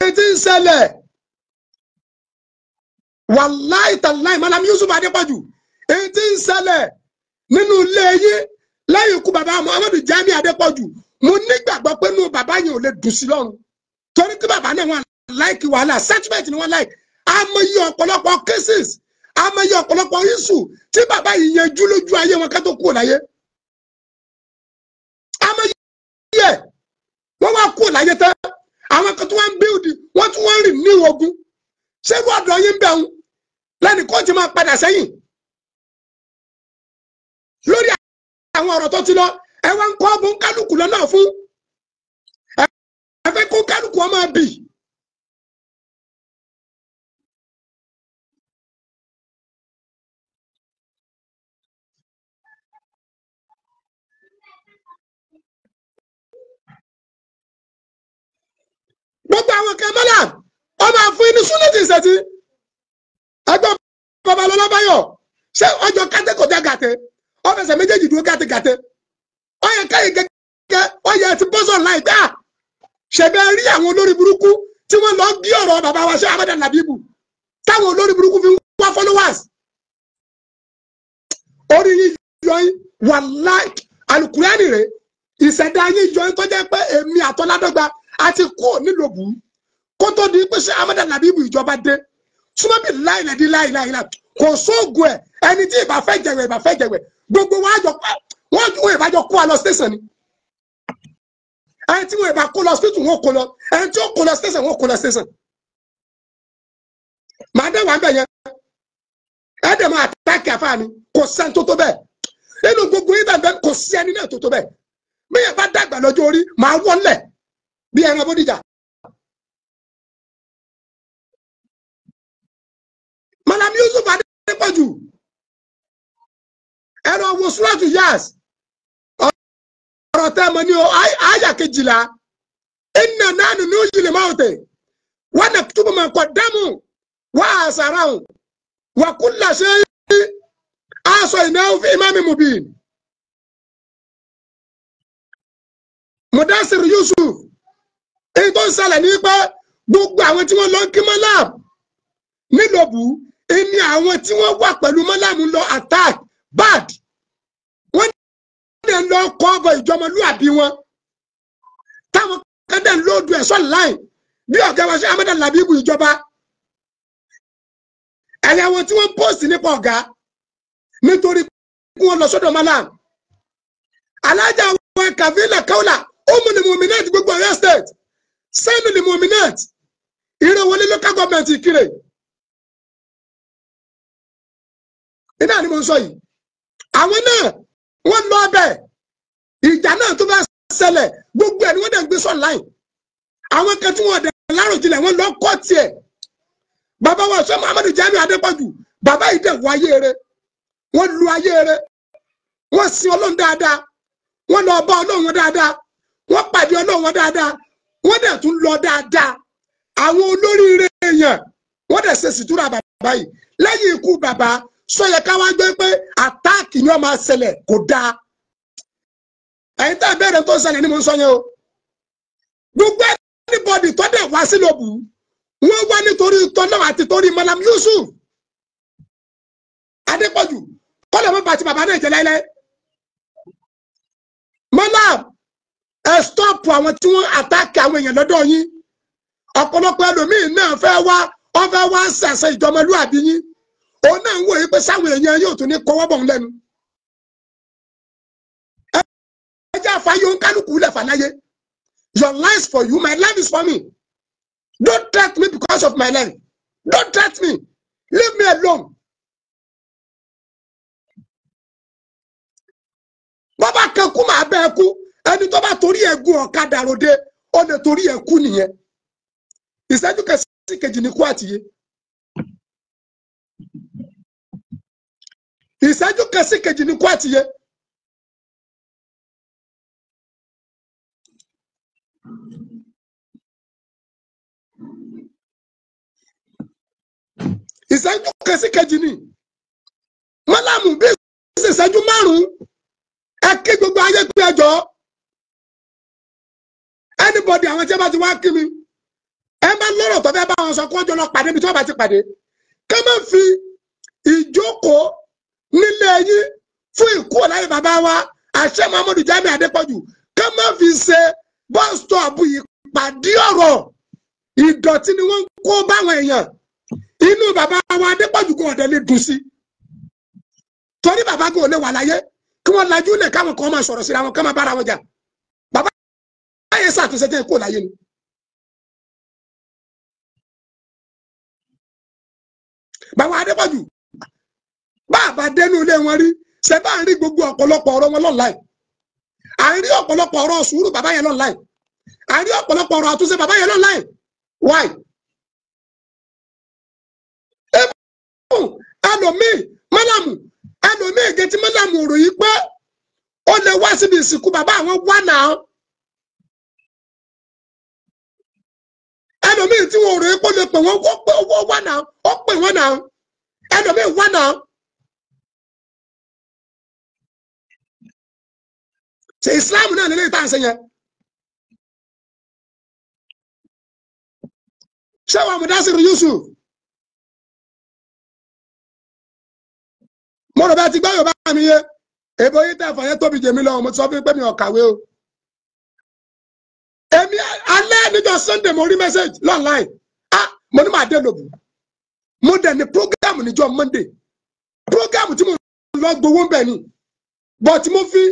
Speaker 2: ètí ń ṣẹlẹ̀ wàláì tàláì Malam Yusuf Adépọ̀jù ètí ń
Speaker 1: ṣẹlẹ̀ nínú ilé yín lẹ́yìn ikú bàbá Muhammadu jami Adépọ̀jù mo nígbàgbọ́ pé inú bàbá yẹn ò lè dùn sí lọ́rùn torí kí bàbá náà wọn láìkì wàhálà sentiment ni wọn láìkì amòye ọ̀pọ̀lọpọ̀ cases amẹyẹ ọ̀pọ̀lọpọ̀ yíṣù tí bàbá yìí yanjú lójú ayé wọn ká tó kúrò láyé amẹyẹ wọn wá kúrò láyé tán àwọn kan tó wá ń bíldì wọn tún wá ń rìn ní ogun
Speaker 2: ṣé wọ́ọ̀dù ọyẹ́ ń ń kó ti máa padà lórí àwọn tó ti lọ ẹ wá ń kọ́ bó ń kálukú lọ́nà fún ẹ kó gbogbo àwọn kan ọ ọmọ àfún inú súnlẹ̀tì ìṣẹ́tì ẹgbẹ́ babalọ́lá báyọ̀ ṣé ọjọ́ kátẹ́
Speaker 1: kọjá gàtẹ́ ọfẹsẹ̀ méjèèjì dúró gàtẹ́ gàtẹ́ ọyẹ ya gẹ́gẹ́ ti bọ́sọ̀ láì gbà ṣẹ̀bẹ̀ rí àwọn olórí burúkú tí wọ́n lọ gí ọ̀rọ̀ bàbá wa ṣé abẹ́dà làbíbù táwọn olórí burúkú fi wá followers orí ìṣẹ̀dá tó jẹ́ pé èmi àtọ́ládọ́gba àti kúrò nílòbù kó tó di pé ṣé amadu labibu ìjọba dé súnmọ́ bí láìlẹ́dí láìláìlá kò sóògùn ẹ̀ ẹni tí ìbá fẹ́ jẹ̀wẹ̀ ìbá fẹ́ jẹ̀wẹ̀ gbogbo wọn àjọ pẹ́ wọn ju wọn ìbájọ kó wa lọ station ni ẹni tí wọn ìbá kó lọ hospital wọn kó lọ ẹni tí ó kó lọ station wọn kó lọ station màá dé wà ń bẹ̀ yẹn ẹ dẹ̀ máa tàkì àfààní kò sẹ́ni tó tó bẹ́ẹ̀ nínú gbogbo yín bẹ́ẹ̀ kò sí ẹni náà tó tó bẹ́ẹ̀ mí yẹn bá dàgbà lọ́jọ́ orí
Speaker 2: màá wọ́n lẹ̀ bí ẹran bódìjà. Malam Yusuf Adépọ̀jù ẹ̀rọ wo slot yas ọ̀rọ̀ tẹ́ mọ ní
Speaker 1: àyà kejìlá iná nánú ní òjìlè máa tẹ̀ wọ́n nà túbọ̀ máa kọ̀
Speaker 2: dámù wọ́n àṣàrà hùn wọ́n kú làṣẹ aṣọ ìnáwó fún imáàmì mubin. Mudasir Yusuf èyí tó ń ṣẹlẹ̀ ní pé gbogbo àwọn tí wọ́n lọ ń kí mọ́làm
Speaker 1: nílòbù ẹni àwọn tí wọ́n wà pẹ̀lú mọ́làm lọ attack bad wọ́n ní ẹ̀ lọ cover ìjọmọlúàbí wọn táwọn kẹ́dẹ̀ ń lóòdù ẹ̀ sọ́ọ̀láì bí ọ̀gá wa ṣe amẹ́dà làbíbù ìjọba ẹ̀yà wọn tí wọ́n post nípa ọ̀gá nítorí kí wọ́n lọ sọ́dọ̀ mọ́làm alájà wọn kàfílà káwùlà ó
Speaker 2: mú ni mùmí náà ti gbogbo ọ̀yọ́ state sẹ́ni ni mominat ìrẹ̀wọlé local government ìkirè iná ni mo ń sọ yìí àwọn náà wọ́n lọ ọbẹ̀ ìjà náà tó bá ṣẹlẹ̀
Speaker 1: gbogbo ẹ̀ ni wọ́n dẹ̀ ń gbé sọ̀ láì àwọn kan tí wọ́n dẹ̀ láròjinlẹ̀ wọ́n lọ kọ́ tiẹ̀ bàbá wa sọ Muhammadu Jamiu Adépọ̀jù bàbá yìí dẹ̀ wọ ayé rẹ̀ wọ́n lu ayé rẹ̀ wọ́n sin Ọlọ́run dáadáa wọ́n lọ bá Ọlọ́run dáadáa wọ́n pàdé Ọlọ́run dáadáa wọ́n dẹ̀ tún lọ dáadáa àwọn olóríire èèyàn wọ́n dẹ̀ ṣe sìtúrà bàbá yìí lẹ́yìn ikú bàbá sọyẹ ká wá gbé pé àtáàkì ni wọ́n máa ṣẹlẹ̀ kò dáa ẹ̀yin tá ìbéèrè tó ń ṣẹlẹ̀ ni mo ń sọ yẹn o gbogbo anybody tó dẹ̀ wá sínú òbú wọ́n wá nítorí
Speaker 2: tọ́lọ́ àti torí Malam Yusuf Adépọ̀jù kọ́lẹ̀ mọ́ bàtí bàbá náà jẹ́ láíláí Malam ẹ
Speaker 1: stọ́ọ̀pù àwọn tí wọ́n àtàkì àwọn èèyàn lọ́dọ̀ yín ọ̀pọ̀lọpọ̀ ẹlòmíì náà fẹ́ wá wọ́n fẹ́ wá ṣẹ̀ṣẹ̀ ìjọmọlúàbí yín òun náà ń wòye pé sáwọn èèyàn yóò tún ní kọwọ́ bọ̀ ń lẹ́nu. ẹ àfáyé oníkálukú lẹ̀ fàlàyé your life is for you my life is for me don't threat me because of my life
Speaker 2: don't threat me leave me alone. bọ́bá kan kú bẹ́ẹ̀ kú. ẹni tó bá torí ẹ̀
Speaker 1: ọ̀kadà ròde ó lè torí ẹ̀ nìyẹn ìṣẹ́jú kẹsì kejì ní
Speaker 2: ni bí
Speaker 1: ìṣẹ́jú márùn-ún ẹ kí gbogbo ayé anybody àwọn tí wọ́n bá ti wá kí mi ẹ máa lọ́rọ̀ tó fẹ́ bá wọn sọ kó jọ lọ pàdé ibi tí wọ́n bá ti pàdé ká má fi ìjókòó nílé yín fún ìkúrò láyé bàbá wa àṣẹ Muhammadu Jamiu Adépọ̀jù ká má fi ṣe bọ́ọ̀sítọ̀ọ̀bù ìpàdé ọ̀rọ̀ ìdọ̀tí ni wọ́n ń kó báwọn èèyàn inú bàbá wa Adépọ̀jù kò ọ̀dẹ̀ lè dùn sí torí bàbá
Speaker 2: kò lè wà láyé kí wọ́n lajú lẹ̀ káwọn kan máa sọ̀rọ̀ síra wọn ká máa bára wọn jà. táyé ṣàtúnṣe tẹ́ kó láyé ni. bàbá adébọ̀jù bàbá dénú ilé wọn rí
Speaker 1: ṣe bá ń rí gbogbo ọ̀pọ̀lọpọ̀ ọ̀rọ̀ wọn lọ́nláì à ń rí ọ̀pọ̀lọpọ̀ ọ̀rọ̀ sùúrù bàbá yẹn lọ́nláì
Speaker 2: à ń rí ọ̀pọ̀lọpọ̀ ọ̀rọ̀ àtúnṣe bàbá yẹn why. ẹ̀bùn ẹlòmíì mọ́làmù ẹlòmíì
Speaker 1: mọ́làmù rò yí pé ó lè wá
Speaker 2: ẹlòmíì tí wọn ò rò pé gwọ pè wọn ó pè wọn wà náà ó pè wọn náà wà náà. ṣe Islam náà nílé ìta àṣeyẹ. ṣé wàá Mudasiru Yusuf. mo rò bá ti gbọ́ Yorùbá mi yé èbó yìí tẹ̀ fọyẹ́ tóbi lọ mo sọ mi pé mi
Speaker 1: níjọ́ sunday mo rí message lọ́nláìn ah mo ní màá dé lòbù mo dẹ̀ ní program níjọ́ monday program tí mo lọ gbowó bẹ̀ ni but mo fi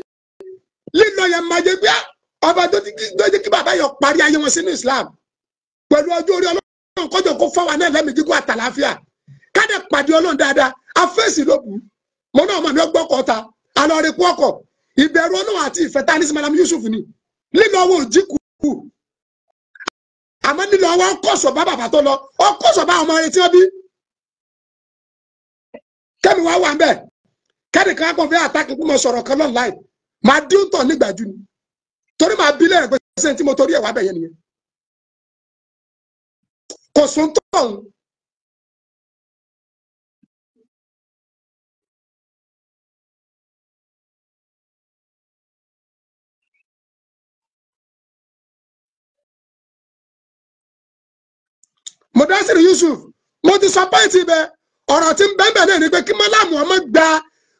Speaker 1: lílọ yẹn máa jẹ bí ah, ọba tó ti gbé kí bàbá yọ parí ayé wọn sínú islam pẹ̀lú ọjọ́ orí ọlọ́run kọjọ kó fáwọn náà lẹ́mìí gígùn àtàlàáfíà kádẹ pàdé ọlọ́run dáadáa afẹ́sì lòbù mo náà mọ̀ ní ọgbọ́kọ̀ ta alọ́ọ̀rẹ́kú ọkọ̀ ìbẹ̀rù ọlọ́run àti ìfẹ́ ta ní simalam yusuf ni lílọ owó
Speaker 2: òjì kù àmọ́ nílò ọwọ́ kọ̀sọ̀ bá bàbá tó lọ ọ kọ̀sọ̀ bá ọmọ rẹ tí wọ́n bí kẹ́mi wá wà mbẹ́ kẹ́nìkan
Speaker 1: kò fẹ́ àtàkì kó mọ sọ̀rọ̀ kan lọ́nláì máa dín tọ̀ nígbà jù ni torí máa bí lẹ́yìn pé
Speaker 2: sẹ́yìn tí mo torí ẹ̀ wá bẹ̀yẹ nìyẹn kò sún tọ̀hún Mudasir Yusuf mo ti sọ pẹ́ǹtì ibẹ̀ ọ̀rọ̀ tí ń bẹ́ẹ̀bẹ̀ náà ni pé kí mọ́láàmù ọmọ gba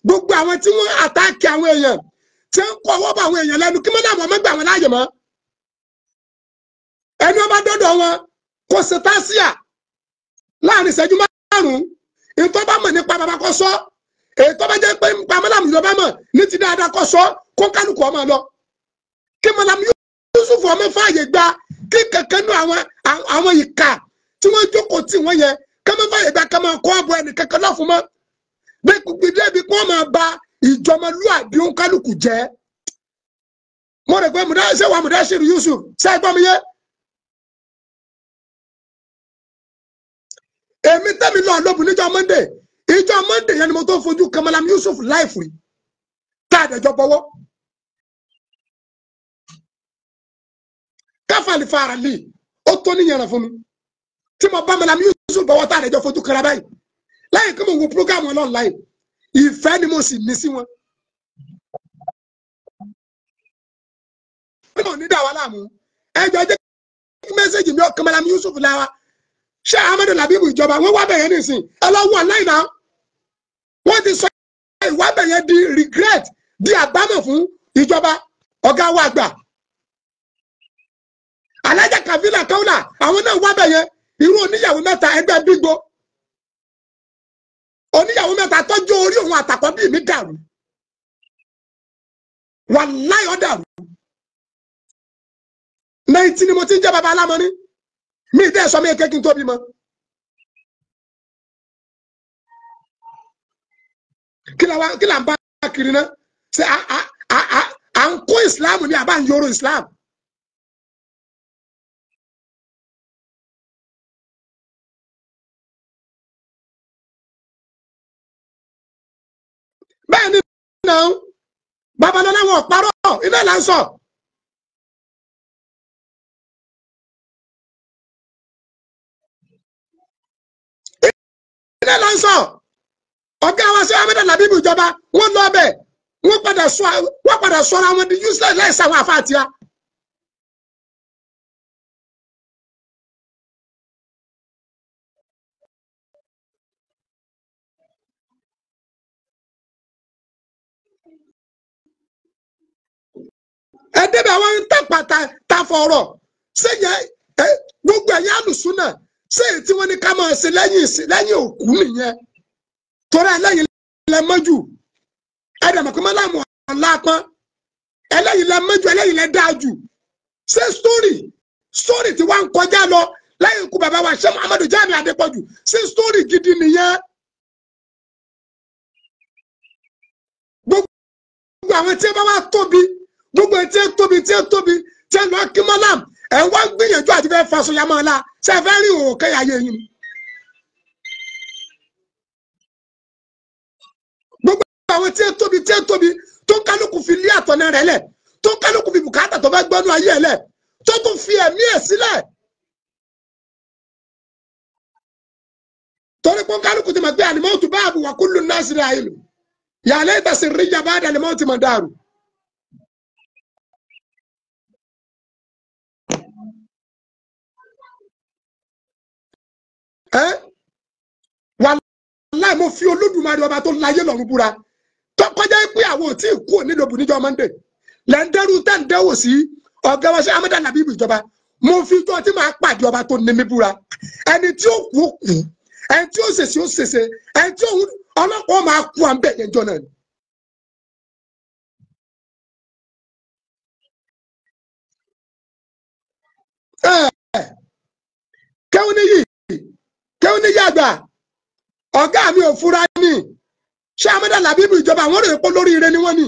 Speaker 2: gbogbo
Speaker 1: àwọn tí wọ́n àtàkì àwọn èèyàn tí ń kọ́ ọwọ́ bọ̀ àwọn èèyàn lẹ́nu kí mọ́láàmù ọmọ gba àwọn láàyè mọ́ ẹni ọba dọ́dọ̀ wọn kò sì tásíà láàrin ìṣẹ́jú márùn-ún ètò ọba mọ̀ nípa bàbá kọ́ sọ́ ètò ọba jẹ́ pé nípa mọ́láàmù ìjọba mọ̀ ní ti dáadáa kọ́ sọ́ kó kálukú ọmọ lọ kí mọ́láàmù Yusuf ọmọ fààyè gba kí kankan nú àwọn ìka tí wọ́n jókòó tì wọ́n yẹn ká má báyìí gba ká má kọ́ àbọ̀ ẹnì kankan náà fún mọ́ bẹ́ẹ̀ débi kí wọ́n máa ba
Speaker 2: ìjọmọlúàbí òǹkálùkù jẹ́ mo rẹ̀ pé mùdá ṣé wà mùdá ṣèlú Yusuf ṣe é gbọ́ mi yé.
Speaker 1: èmi tẹ́mi lọ lóbùn níjọ Monday ìjọ Monday yẹn ni mo tó fojú Kamalam Yusuf láìfù rí
Speaker 2: tá a dẹjọ bọwọ́. káfàlì fara lè ó tó níyànjú fún mi tí mo bá mi Lami Yusuf
Speaker 1: bọ̀wọ́ tá àdéjọ fojú kara báyìí lẹ́yìn kí mo wo program wọn online ìfẹ́ ni mo sì ní sí
Speaker 2: wọn. pé mo ní dà wá láàmú ẹjọ jẹ́ kí mẹ́sẹ̀gì mi ọkàn Lami Yusuf lára ṣé Ahmed Labeeb
Speaker 1: ìjọba wọn wá bẹ̀yẹn nìsín ẹ lọ náà wọ́n ti sọ ìwà bẹ̀yẹn di regret di àbámọ̀ fún ìjọba ọ̀gá wa àgbà alájà kàfílà káwùlà àwọn náà wá bẹ̀yẹn irú oníyàwó mẹ́ta ẹgbẹ́
Speaker 2: bígbó oníyàwó mẹ́ta tọ́jú orí òun àtàkọ́ bii mi dàrú wà láyọ̀ dàrú náìtì ni mo ti ń jẹ́ baba alámọ́rí mi ì dẹ́ sọ mi kékin tó bímọ. kí là ń bá kiri náà ṣe à ń kó ìsìláàmù ni àbá ń yọrọ islam náà babalọ́lá wọn parọ́ ibẹ̀ là ń sọ. ibẹ̀ là ń sọ ọ̀gá wa sí abẹ́dà làbíbù ìjọba wọ́n lọ bẹ̀ wọ́n padà sọ ara wọn ẹ débẹ̀ àwọn tàpàtà
Speaker 1: tàfọ̀rọ̀ ṣé yẹn gbogbo ẹ̀yìn àlùsùn náà ṣé èyí tí wọ́n ní ká máa ṣe lẹ́yìn òkú nìyẹn torí ẹlẹ́yìn lẹ mọ́jú ẹ̀dẹ̀ mọ̀ pé mọ́ láàmú ọ̀la pọ́n ẹlẹ́yìn lẹ mọ́jú ẹlẹ́yìn lẹ dáa jù ṣé sítórì sítórì tí wọ́n ń kọjá lọ lẹ́yìn ikú bàbá wa ṣé Muhammadu Jami Adépọ̀jù
Speaker 2: ṣé sítórì gidi nìyẹn. gbogbo àwọn tí ẹ bá wá tóbi gbogbo tí ń tóbi tí ń tóbi tí ń lọ
Speaker 1: kí mọ́làm ẹ̀ wá ń gbìyànjú àti fẹ́ fa sọyà máa la ṣe fẹ́ rí òun kẹ́yà ayé yín. gbogbo àwọn tí ń tóbi tí ń tóbi tó ń kálukú fi lé àtọ̀nà rẹ̀ lẹ̀ tó ń kálukú fi bùkátà tó bá gbọ́nú ayé ẹ̀ lẹ̀
Speaker 2: tó tún fi ẹ̀mí ẹ̀ sílẹ̀. torí pé kálukú ti mọ̀ pé àlùmọ́ọ̀tù báàbù wà kúlù náà sílẹ̀ ayélu yàrá ìtàsí ríjà bá dàlùmọ́ọ̀tù mọ̀ dáàrú. wàláì mo fi olódùmarè ọba tó láyé lọ́run búra tó
Speaker 1: kọjá pé àwọn ò tí ì kú onídòbù níjọ́ mọ́ndé lẹ́ńdẹ́rù tẹ́ǹdẹ́wò sí ọ̀gá wáṣẹ́ amẹ́dá nàbíbù ìjọba mo fi jọ tí màá pàdé ọba tó ní mi búra ẹni tí ó kú kú
Speaker 2: ẹni tí ó ṣèṣe ó ṣèṣe ẹni tí òun ọlọ́pàá máa kú à ń bẹ̀ yẹn jọ náà ni. kẹ́hún níyì kéwọn
Speaker 1: ní yàgbà ọ̀gá mi ò fura ni ṣé amúdà làbíbù ìjọba àwọn rèé pé olórí ire ni wọ́n ni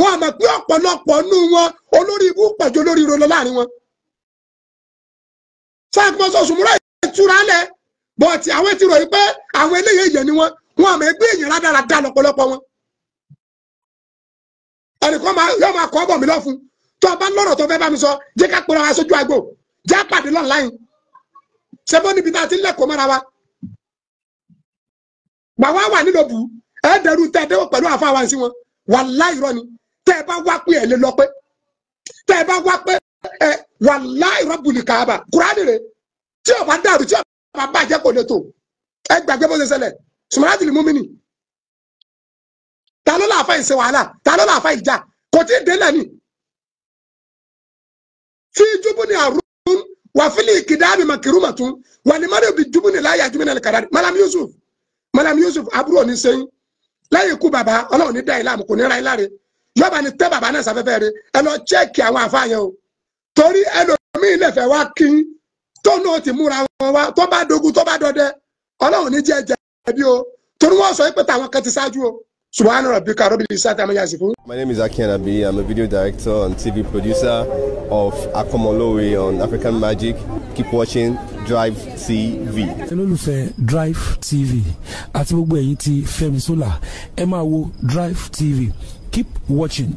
Speaker 1: wọ́n àmọ̀ pé ọ̀pọ̀lọpọ̀ nù wọn olórí ibú pọ̀jù olórí ire láàrin wọn. sáàkùmọ̀sọ̀ sùmúrà ìtura lẹ̀ bọ́ọ̀tì àwọn ti ròyìn pé àwọn eléyè èèyàn ni wọ́n wọ́n àmọ̀ ẹgbẹ́ èèyàn rádaràdà lọ́pọ̀lọpọ̀ wọn. ẹnìkan yóò máa kọ́ bọ̀ mí lọ́fun tó o bá lọ́rọ̀ tó fẹ́ bá mi sọ jẹ́ ká pèrè wá sójú àgbò jẹ́ pàdé lọ́nà láyìn ṣẹ́bọ́n níbi tá a ti lẹ́kọ̀ọ́ mọ́ra wa gbàwá wà nílò bù ẹ dẹrù tẹ dẹwọ pẹ̀lú àfáwá sí wọn wàláì rọ ni tẹ ẹ bá wá pé ẹ lè lọ pé tẹ ẹ bá wá pé ẹ wàláì rọ bùlì kàába kúránì rẹ tí o bá dàrú tí o bá bàjẹ́ kò lè tó
Speaker 2: ẹ gbàgbé bó ṣe ṣẹlẹ̀ sùmọ́láàtì lè mú mi nì ta ló láàfa ìṣe wàhálà ta ló láàfa ìjà kò tí ì dé lẹ́ni
Speaker 1: fi júbù ni àrùn wafili kidaabi makirumatun walimari bi dumuni la yajumi na likadari malam yusuf malam yusuf aburo oni sẹyin lẹ́yìn ikú baba Ọlọ́run ní dá ìlàmù kò ní ra ìlàre yọba ni tẹ baba náà sáfẹ́fẹ́ rẹ̀ ẹ lọ chẹẹkì àwọn àfààyàn o torí ẹlòmíín lẹfẹ wá kí tó náà ti múra wọn wá tó bá dogun tó bá dọdẹ Ọlọ́run ní jẹ jẹ bí o torí wọn sọ pé tàwọn kan ti ṣáájú o My name is Akian Abi. I'm a video director and TV producer of Akomolowe on African Magic. Keep watching Drive TV. olólùfẹ́ Drive TV àti gbogbo ẹ̀yin tí Sola Emma wo Drive TV. Keep watching.